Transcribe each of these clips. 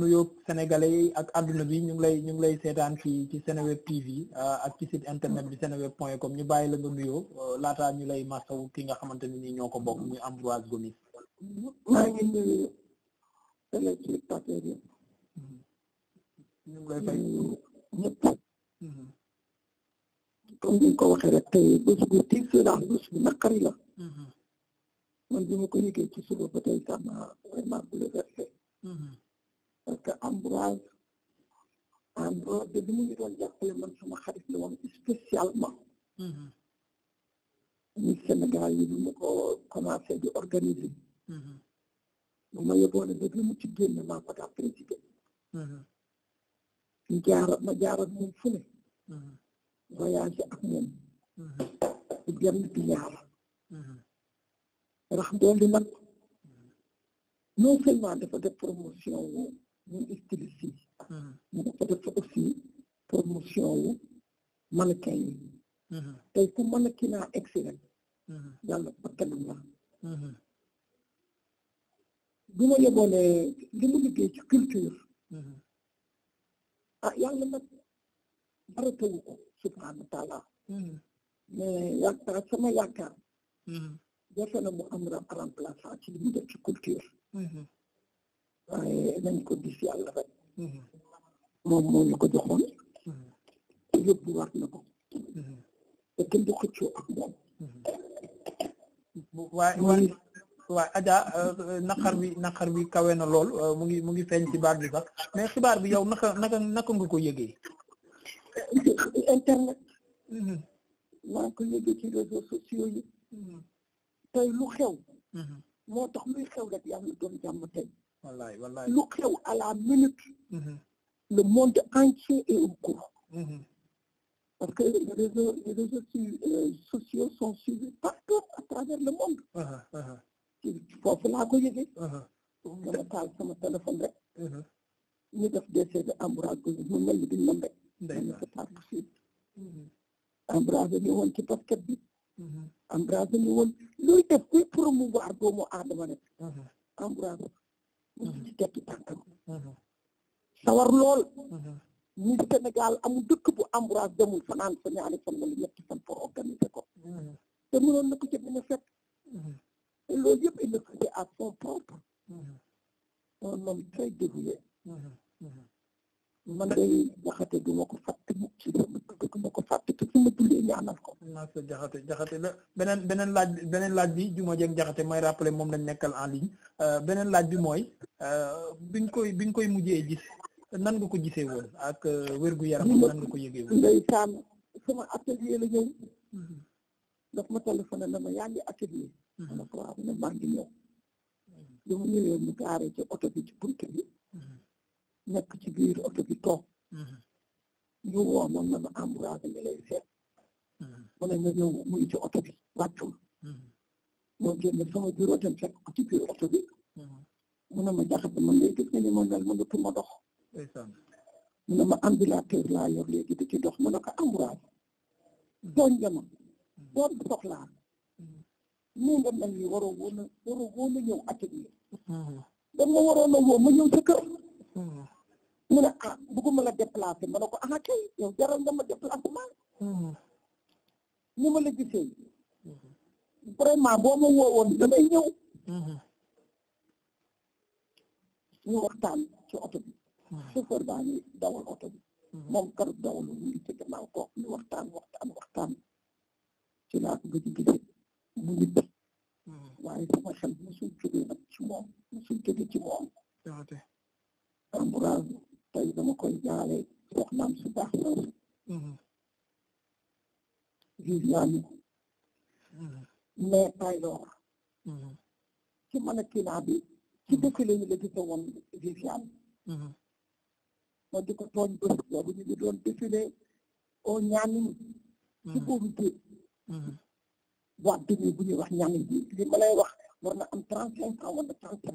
nuyoo sénégalais yi ak àdduna bi ñu ngi lay ñu ngi lay seetaan ci ci Seneweb TV euh, ak ci site internet bi seneweb.com ñu bàyyi la nga nuyoo euh, laataa ñu lay masawu ki nga xamante ne nii ñoo ko bokk muy Ambroise Gomis. maa ngi nuyu ñu ngi mm-hmm. la bés mm-hmm. man bi ma ko yëgee ci suba ba tey sama vraiment bouleversé. Mm-hmm. parce que Ambroise Ambroise de bi mu ngi doon jàppale man sama xarit la woon spécialement ñu mm-hmm. Sénégal yi bi ko commencé di organiser mm-hmm. bu ma yeboone ba bi mu ci génne maa ko daa président ñu mm-hmm. jaara ma jaarat moom fu ne voyagé ak moom di dem di li nag non seulement dafa def promotion woo ñu styliste yi hmm. mu def aussi promotion wu mannequin yi ku hmm. mannequinat excellent hmm. yàlla bakkanam la bu ma yeboone li mu liggéey ci culture ah yàlla nag baratawu ko subhaanahu wa taala mais yaakaar sama yaakaar jafe na mu am remplaçant ci li mu def ci culture waaye nañ ko gis yàlla rek mm-hmm. moom moo ñu ko joxoon mm-hmm. te yóbbu war na ko mm-hmm. te kenn du xëccoo ak waaye waaye waaw Adja bi euh, naqar bi kawe na lool euh, mu ngi mu ngi feeñ ci baat bi sax mais xibaar bi yow naka naka nga ko yëgee. internet. maa ko yëgee ci réseaux sociaux yi. tey lu xew. moo tax luy xew rek jàmm tey. lu xew à la minute mm-hmm. le monde entier est au courant mm-hmm. parce que les réseaux les réseaux euh, sociaux sont suivis partout à travers le monde uh-huh, uh-huh. foofu laa ko yëgee dama uh-huh. taal sama téléphone rek mm-hmm. ñu def décès de Ambroise ni duñ moom pas possible Ambroise ñu woon ci basket bi Ambroise ñu woon luy def kuy promouvoir doomu aadama rek ci tekki tànkam sawar mm-hmm. lool mm-hmm. ni Sénégal amul dëkk bu ambrage demul fanaan fa ñaari fan ñetti fan pour organiser ko mm-hmm. te mënoon na ko ci dina fekk loolu yëpp il le faisait propre man day jaxate du ko naa Diakhaté Diakhaté la beneen beneen laaj beneen laaj bi Juma Dieng Diakhaté may rappelé moom lañ nekkal en ligne euh, beneen laaj bi mooy euh, bi nga koy bi nga koy mujjee gis nan nga ko gisee woon ak euh, wérgu yaram nan nga ko yëgee woon. ndeysaan sama atelier la ñëw. Mm-hmm. daf ma téléphoné dama yaa ngi mm-hmm. ma ko waaw ne maa ngi ñëw. Mm-hmm. bi mu ñëwee mu gaare ci oto bi ci bunt bi. nekk ci biir oto bi toog. ñu woo ma ma ma encouragé lay seet. wala nga ñëw muy ci oto bi wàccul moo génn sama bureau dem fekk ko ci biir oto bi hmm. mu ne ma jaxate man day gis nga ni ma mel mënatu ma dox mu ne ma ambulateur laa yor léegi di ci dox mu ne ko amuraay hmm. tooñ nga ma doon hmm. soxlaa nii nga mel ni waroo woon a waroo woon a ñëw atelier da nga waroon a woo ma ñëw sa kër mu ne ah bëgguma la déplacé ma ne ko ah kay yow jaral nga ma déplacement ni ma la gisee vraiment boo ma woowoon damay ñëw ñu waxtaan ci oto bi chauffeur baa ngi dawal oto bi moom kar dawalu ngi ci gannaaw toog ñu waxtaan waxtaan waxtaan ci laa ko gëj gise mu waaye sama xel musul jógee nag ci moom musul jóge ci moom rembourage tey dama koy jaale soxnaam su baax soosu Viviane mais mm-hmm. Taylor ci mm-hmm. man a kinaa bi ci mm-hmm. dëkk lañu la woon Viviane ma di ko tooñ bés boobu ñu ngi doon bu ñuy wax ñaanin bi li ma wax war na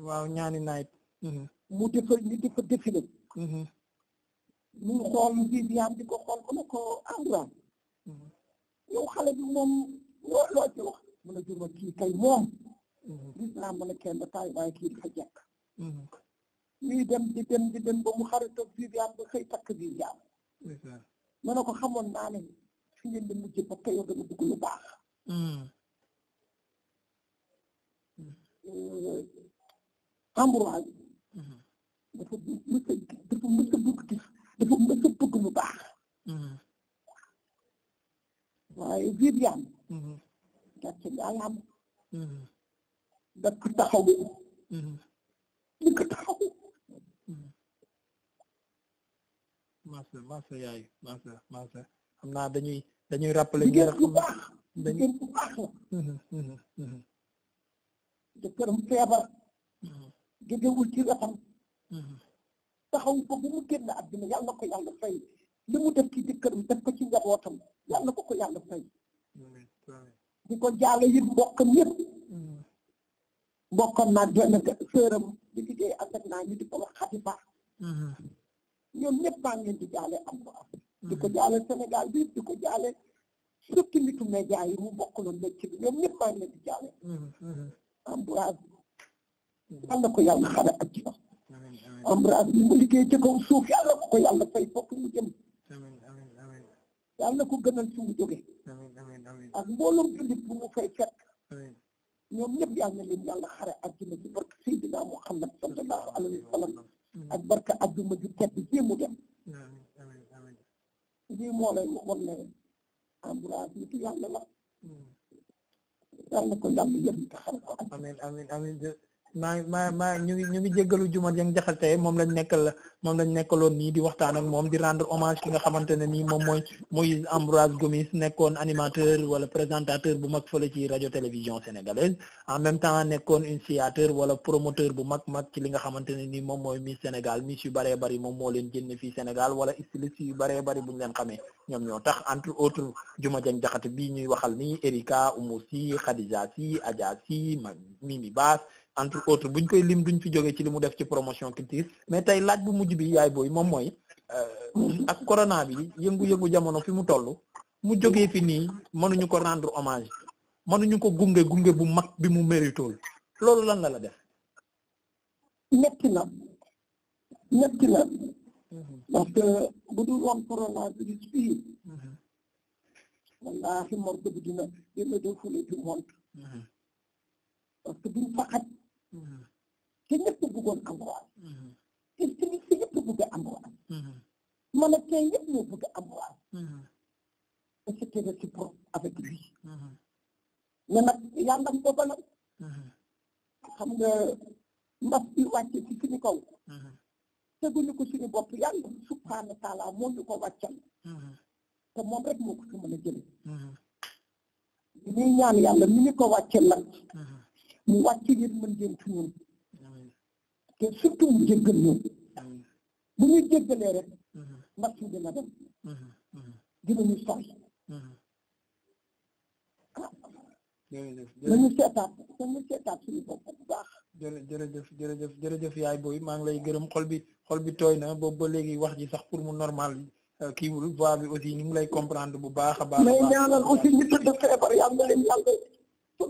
waaw ñaani night mu defa ñu defa défilé ñu xool Viviane ko xool ku ko Amran yow xale bi moom loo loo ci wax mu jur ma kii kay moom mm-hmm. gis naa mën a kenn taay waaye kii dafa jekk mm-hmm. ñuy dem di dem di dem ba mu xaritoog Viviane ba xëy takk Viviane ma ne ko xamoon naa fi ngeen di mujj ba tey dama mm-hmm. euh, a dafa mës a bëgg dafa mës baax waaye jiit yam mm-hmm. gàcce ngaalaam mm-hmm. dakk taxawu mm-hmm. dakk taxawu maasa maasa yaay maasa maasa xam naa dañuy dañuy rappeler ngir bu baax dañuy bu baax la jëkkëram feebar jógewul ci wetam taxaw ko bu mu génn àddina yàlla ko yàlla fay li mu def ci jëkkëram def ko ci njabootam yàlla na ko ko yàlla fay di ko jaale yit mbokkam yëpp mbokkam naa benn sëram di liggéey ànd ak naa ñu di ko wax xati baax ñoom ñëpp maa di jaale am ko am di ko jaale Sénégal bi di jaale surtout nitu média yi mu bokk loon mécc bi ñoom ñëpp maa di jaale Ambroise yàlla ko yàlla xare ak ci Ambroise bi mu liggéey ci kaw suuf yàlla ko ko yàlla fay fokk mu jëm yàlla na ko gënal fi mu jóge ak mbooloom jullit bu mu fay na xare àdduna ci barke Seydina Muhammad sallallahu alayhi wa sallam ak barke àdduna ju tedd ji mu dem lii moo lay waxoon ne Ambroise nitu yàlla la hmm. yàlla na ko yàlla yëpp taxal ko amiin amiin amiin maa maa maa ñu ngi ñu ngi jéggalu Jumat yang jaxate moom lañ nekkal moom lañ nekkaloon nii di waxtaan moom di rendre hommage ki nga xamante ne nii moom mooy Moïse Ambroise Gomis nekkoon animateur wala présentateur bu mag fële ci radio télévision sénégalaise en même temps nekkoon initiateur wala promoteur bu mag mak ci li nga xamante ne nii moom mooy Miss Sénégal Miss yu bëree bari moom moo leen génne fii Sénégal wala styliste yu bëree bari bu ñu leen xamee ñoom ñoo tax entre autres Jumat yang jaxate bii ñuy waxal nii Erika Oumou Sy Khadija Sy Adja Sy Mimi Bass entre autres buñ koy lim duñ fi jógee ci li mu def ci promotion culture mais tey laaj bu mujj bi yaay booy moom mooy euh, ak corona bi yëngu-yëngu jamono fi mu toll mu jógee fi nii mënuñu ko rendre hommage mënuñu ko gunge gunge bu mag bi mu méritool loolu lan la la def. metti na metti na mhm. parce bu dul woon corona te ñëpp bëggoon alquran te tamit si ñëpp bëgg alquran malaaka yëpp ñoo bëgg alquran mm-hmm. et c'était réciproque avec lui mm-hmm. mais nag yàlla dogalal mm-hmm. xam nga mbas bi wàcce ci suñu kaw teguñu ko suñu bopp yàlla subhaana taala moo ñu ko wàccal te moom rek moo ko fi mën a jële ñuy ñaan yàlla mi ñu ko wàcce nag mu wàcc yërmandeem ci ñun te surtout mu jéggal ñun bu ñu jéggalee rek mbas mhm. mi dina dem mhm. Mhm. dinañu sax jërëjëf nañu seetaat nañu seetaat suñu bopp bu baax jërëjëf jërëjëf jërëjëf yaay booy maa ngi lay gërëm xol bi xol bi tooy na boobu ba léegi wax ji sax pour mu normal euh, kii wul voix bi aussi ñu ngi lay comprendre bu baax a baax mais ñaanal aussi ñu tëdd feebar yàlla na leen yàlla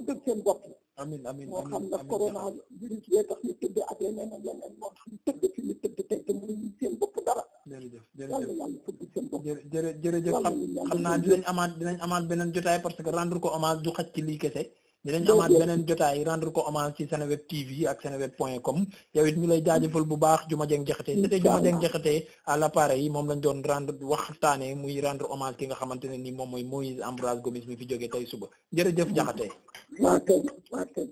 tëdd seen bopp amiin amiin moo xam na corona virus bee tax ñu tëdd ak leneen ak leneen moo tax ñu tëdd fi ñu tëdd tey te mënuñu seen bopp dara. jërëjëf jërëjëf yàlla fëgg seen bopp. jërëjëf xam naa dinañ amaat dinañ amaat beneen jotaay parce que rendre ko hommage du xaj ci lii kese. dinañ amaat beneen jotaay rendre ko hommage ci Seneweb TV ak Seneweb point com yow it lay jaajëfal bu baax Juma Dieng Diakhaté c'était Juma Dieng Diakhaté à l'appareil yi moom lañ doon rendre waxtaane muy rendre hommage ki nga xamante ne ni moom mooy Moïse Ambroise Gomis mi fi jógee tey suba jërëjëf Diakhaté